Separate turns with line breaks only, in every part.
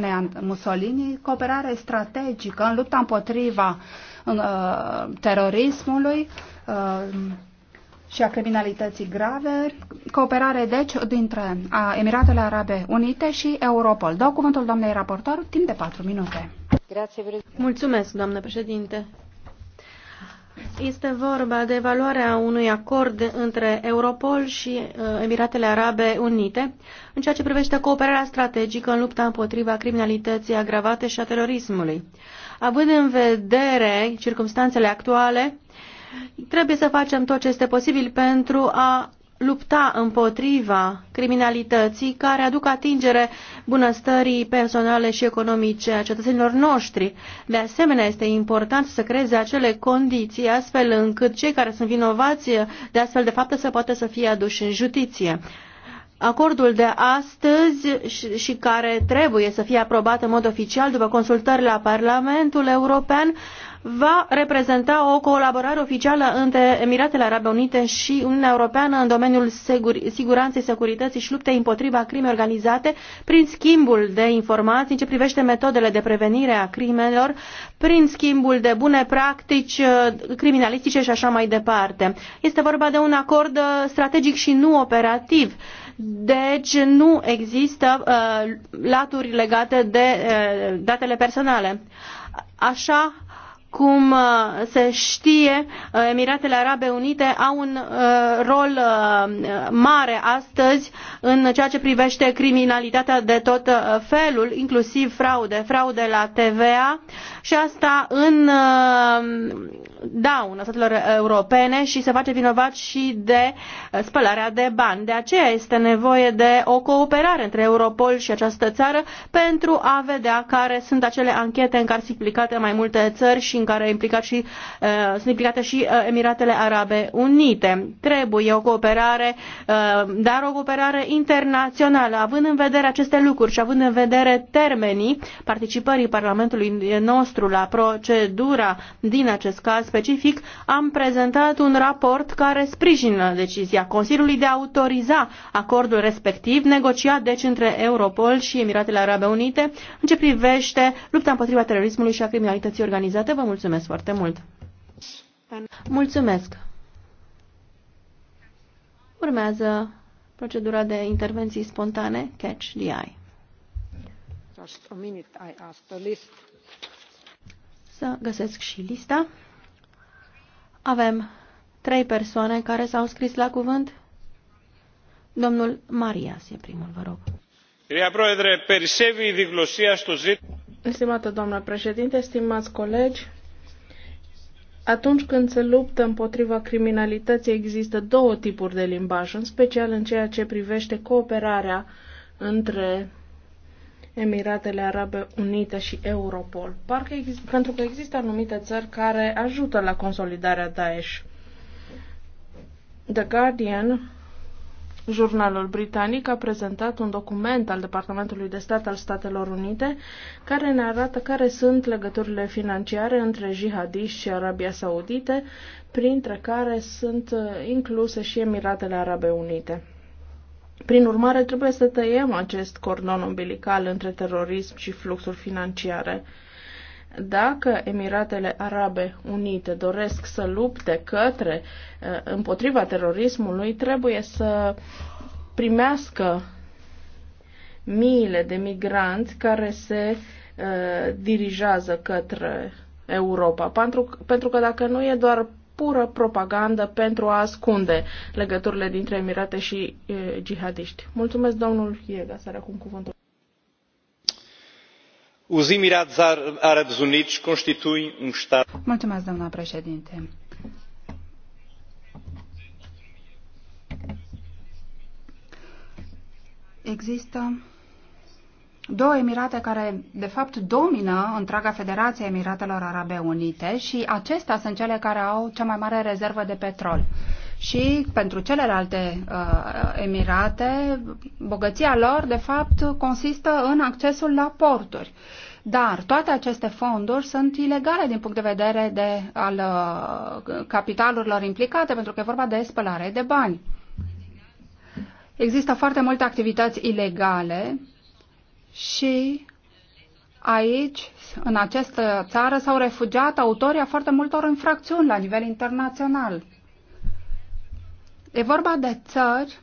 spune Mussolini, cooperare strategică în lupta împotriva uh, terorismului uh, și a criminalității grave, cooperare deci dintre Emiratele Arabe Unite și Europol. Dau cuvântul doamnei raportor timp de patru minute.
Mulțumesc, doamnă președinte. Este vorba de evaluarea unui acord între Europol și uh, Emiratele Arabe Unite în ceea ce privește cooperarea strategică în lupta împotriva criminalității agravate și a terorismului. Având în vedere circumstanțele actuale, trebuie să facem tot ce este posibil pentru a lupta împotriva criminalității care aduc atingere bunăstării personale și economice a cetățenilor noștri. De asemenea, este important să creeze acele condiții astfel încât cei care sunt vinovați de astfel de fapte să poată să fie aduși în justiție. Acordul de astăzi și care trebuie să fie aprobat în mod oficial după consultări la Parlamentul European va reprezenta o colaborare oficială între Emiratele Arabe Unite și Uniunea Europeană în domeniul sigur siguranței, securității și luptei împotriva crimei organizate prin schimbul de informații în ce privește metodele de prevenire a crimelor, prin schimbul de bune practici uh, criminalistice și așa mai departe. Este vorba de un acord uh, strategic și nu operativ deci nu există uh, laturi legate de uh, datele personale. Așa cum uh, se știe, uh, Emiratele Arabe Unite au un uh, rol mare astăzi în ceea ce privește criminalitatea de tot felul, inclusiv fraude, fraude la TVA și asta în daună statelor europene și se face vinovat și de uh, spălarea de bani. De aceea este nevoie de o cooperare între Europol și această țară pentru a vedea care sunt acele anchete în care sunt implicate mai multe țări și în care implicat și, uh, sunt implicate și uh, Emiratele Arabe Unite. Trebuie o cooperare, uh, dar o cooperare internațională, având în vedere aceste lucruri și având în vedere termenii participării Parlamentului nostru la procedura din acest caz specific, am prezentat un raport care sprijină decizia Consiliului de a autoriza acordul respectiv, negociat deci între Europol și Emiratele Arabe Unite, în ce privește lupta împotriva terorismului și a criminalității organizate. Vă mulțumesc foarte mult! Mulțumesc! Urmează procedura de intervenții spontane, catch the eye. Just
a minute, I the list.
Să găsesc și lista. Avem trei persoane care s-au scris la cuvânt. Domnul Marias e primul, vă rog.
Stimată doamnă președinte, stimați colegi, atunci când se luptă împotriva criminalității există două tipuri de limbaj, în special în ceea ce privește cooperarea între Emiratele Arabe Unite și Europol. Parcă pentru că există anumite țări care ajută la consolidarea Daesh. The Guardian, jurnalul britanic, a prezentat un document al Departamentului de Stat al Statelor Unite care ne arată care sunt legăturile financiare între jihadiști și Arabia Saudite, printre care sunt uh, incluse și Emiratele Arabe Unite. Prin urmare, trebuie să tăiem acest cordon umbilical între terorism și fluxuri financiare. Dacă Emiratele Arabe Unite doresc să lupte către eh, împotriva terorismului, trebuie să primească miile de migranți care se uh, eh, dirigează către Europa. Pentru, pentru că dacă nu e doar pură propagandă pentru a ascunde legăturile dintre Emirate și e, jihadiști. Mulțumesc, domnul Iega, să are acum cuvântul.
Os Emirados Árabes Unidos constituem um Estado.
Mulțumesc, doamna
președinte. Există două emirate care, de fapt, domină întreaga Federație Emiratelor Arabe Unite și acestea sunt cele care au cea mai mare rezervă de petrol. Și pentru celelalte uh, emirate, bogăția lor, de fapt, consistă în accesul la porturi. Dar toate aceste fonduri sunt ilegale din punct de vedere de, al uh, capitalurilor implicate, pentru că e vorba de spălare de bani. Există foarte multe activități ilegale și aici, în această țară, s-au refugiat autorii a foarte multor infracțiuni la nivel internațional. E vorba de țări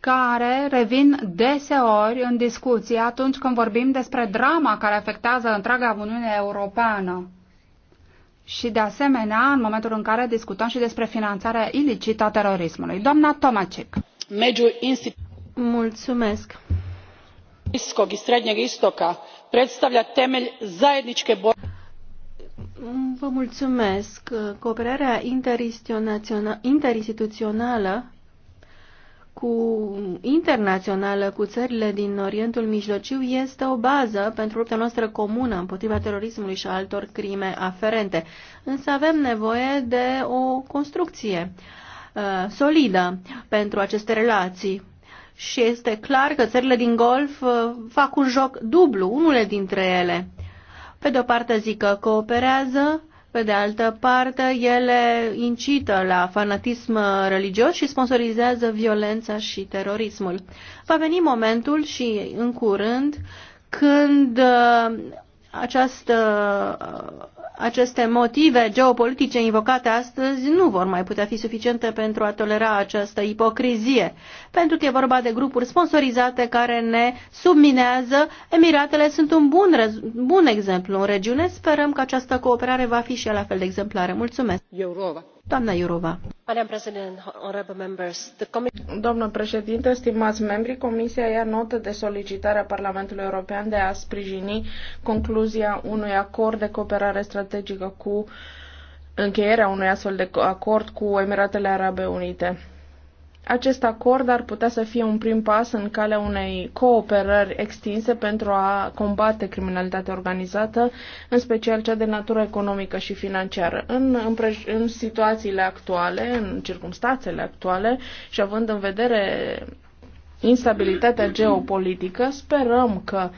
care revin deseori în discuție atunci când vorbim despre drama care afectează întreaga Uniune Europeană. Și de asemenea, în momentul în care discutăm și despre finanțarea ilicită a terorismului. Doamna
Tomacic. Mulțumesc gospodine predsjedniče bliskog i srednjeg istoka predstavlja temelj zajedničke borbe. vă mulțumesc. cooperarea interinstituțională cu internațională cu țările din Orientul Mijlociu este o bază pentru lupta noastră comună împotriva terorismului și altor crime aferente. Însă avem nevoie de o construcție uh, solidă pentru aceste relații și este clar că țările din Golf uh, fac un joc dublu, unele dintre ele. Pe de o parte zic că cooperează, pe de altă parte ele incită la fanatism uh, religios și sponsorizează violența și terorismul. Va veni momentul și în curând când uh, această aceste motive geopolitice invocate astăzi nu vor mai putea fi suficiente pentru a tolera această ipocrizie, pentru că e vorba de grupuri sponsorizate care ne subminează. Emiratele sunt un bun, bun exemplu în regiune. Sperăm că această cooperare va fi și la fel de exemplară. Mulțumesc! Europa.
Doamnă președintă, stimați membri, Comisia ia notă de solicitarea Parlamentului European de a sprijini concluzia unui acord de cooperare strategică cu încheierea unui astfel de acord cu Emiratele Arabe Unite. Acest acord ar putea să fie un prim pas în calea unei cooperări extinse pentru a combate criminalitatea organizată, în special cea de natură economică și financiară. În, în, în situațiile actuale, în circunstanțele actuale și având în vedere instabilitatea geopolitică, sperăm că uh,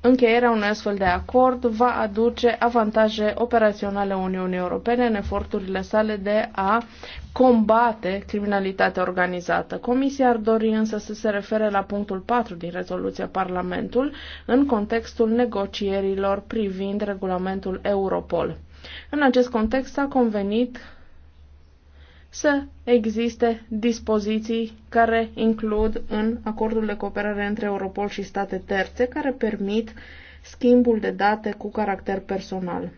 Încheierea unui astfel de acord va aduce avantaje operaționale Uniunii Europene în eforturile sale de a combate criminalitatea organizată. Comisia ar dori însă să se refere la punctul 4 din rezoluția Parlamentul în contextul negocierilor privind regulamentul Europol. În acest context s-a convenit să existe dispoziții care includ în acordul de cooperare între Europol și state terțe care permit schimbul de date cu caracter personal.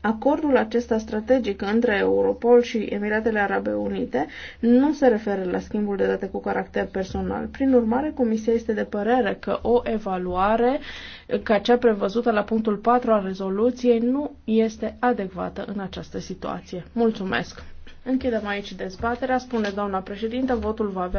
Acordul acesta strategic între Europol și Emiratele Arabe Unite nu se referă la schimbul de date cu caracter personal. Prin urmare, Comisia este de părere că o evaluare ca cea prevăzută la punctul 4 al rezoluției nu este adecvată în această situație. Mulțumesc! Închidem aici dezbaterea. Spune doamna președintă, votul va avea